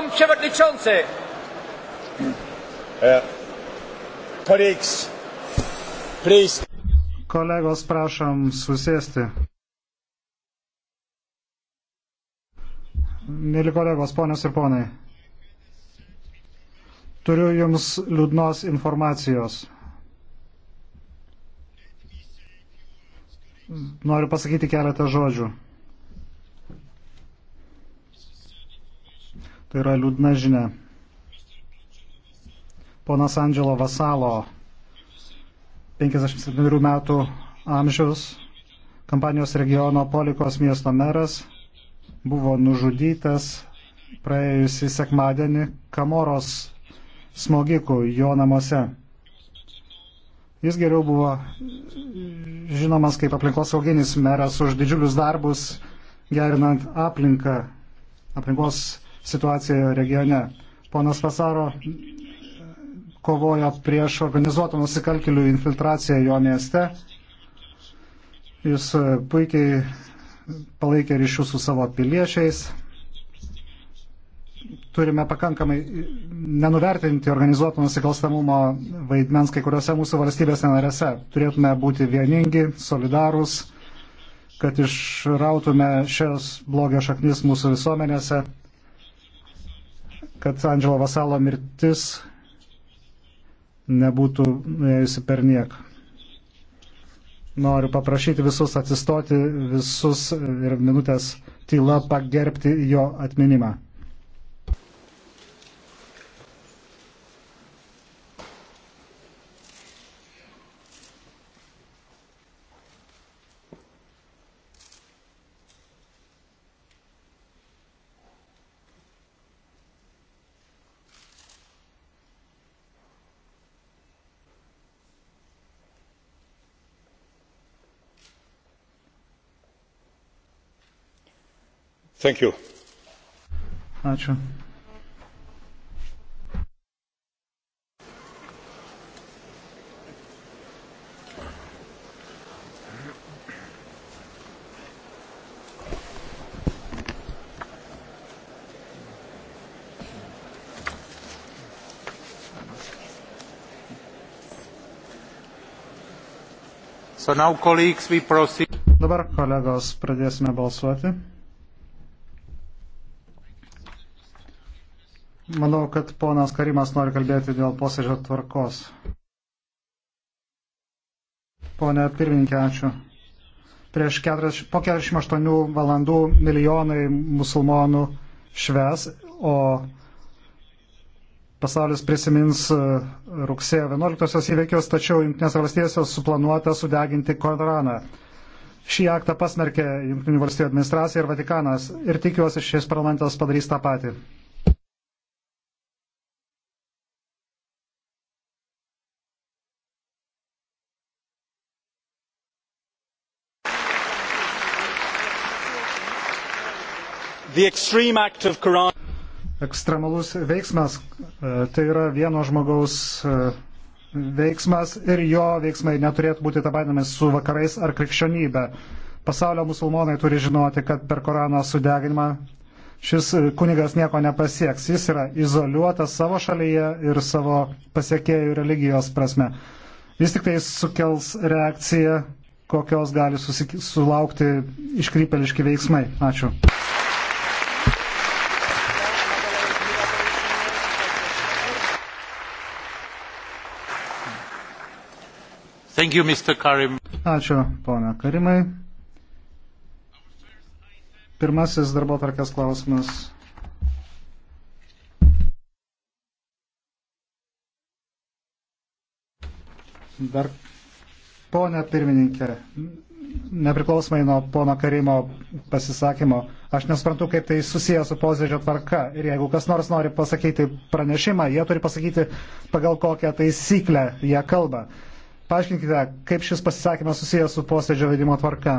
Pan Przewodniczący! E, kolegos, please. Kolegos, prašom susėsti. Mėly kolegos, ponios ir ponai, turiu Jums liūdnos informacijos. Noriu pasakyti keletą žodžių. Tai yra liūdna žinia. Ponas Andželo Vasalo, 57 metų amžiaus, kampanijos regiono Polikos miesto meras, buvo nužudytas praėjusį sekmadienį Kamoros smogikų jo namuose. Jis geriau buvo žinomas kaip aplinkosauginis meras už didžiulius darbus gerinant aplinką, aplinkos situaciją regione. Ponas Vasaro kovojo prieš organizuotų nusikaltėlių infiltraciją jo mieste. Jis puikiai palaikė ryšių su savo piliečiais. Turime pakankamai nenuvertinti organizuoto nusikalstamumo vaidmens kai kuriuose mūsų valstybės narėse. Turėtume būti vieningi, solidarūs, kad išrautume šios blogio šaknis mūsų visuomenėse kad Andželo Vasalo mirtis nebūtų nuėjusi per niek. Noriu paprašyti visus atsistoti, visus ir minutės tyla pagerbti jo atminimą. Ačiū. So now, colleagues, we proceed. Dabar, kolegos, pradėsime balsuoti. Manau, kad ponas Karimas nori kalbėti dėl posėdžio tvarkos. Pone pirmininkė, ačiū. Prieš 40, po 48 valandų milijonai musulmonų šves, o pasaulis prisimins e, rugsėjo 11-osios įveikius, tačiau Junktinės valstijos suplanuota sudeginti Koraną. Šį aktą pasmerkė Junktinių valstijų administracija ir Vatikanas ir tikiuosi šis parlamentas padarys tą patį. Quran... Ekstremalus veiksmas e, tai yra vieno žmogaus e, veiksmas ir jo veiksmai neturėtų būti tapatinami su vakarais ar krikščionybė. Pasaulio musulmonai turi žinoti, kad per Korano sudeginimą šis kunigas nieko nepasieks. Jis yra izoliuotas savo šalyje ir savo pasiekėjų religijos prasme. Jis tik tai sukels reakciją, kokios gali sulaukti iškrypeliški veiksmai. Ačiū. Thank you, Mr. Karim. Ačiū, ponia Karimai. Pirmasis darbo tarkės klausimas Dar ponia pirmininkė, nepriklausomai nuo pono Karimo pasisakymo, aš nesuprantu, kaip tai susijęs su posėdžio tvarka. Ir jeigu kas nors nori pasakyti pranešimą, jie turi pasakyti, pagal kokią taisyklę jie kalba. Paaiškinkite, kaip šis pasisakymas susijęs su posėdžio vedimo tvarka.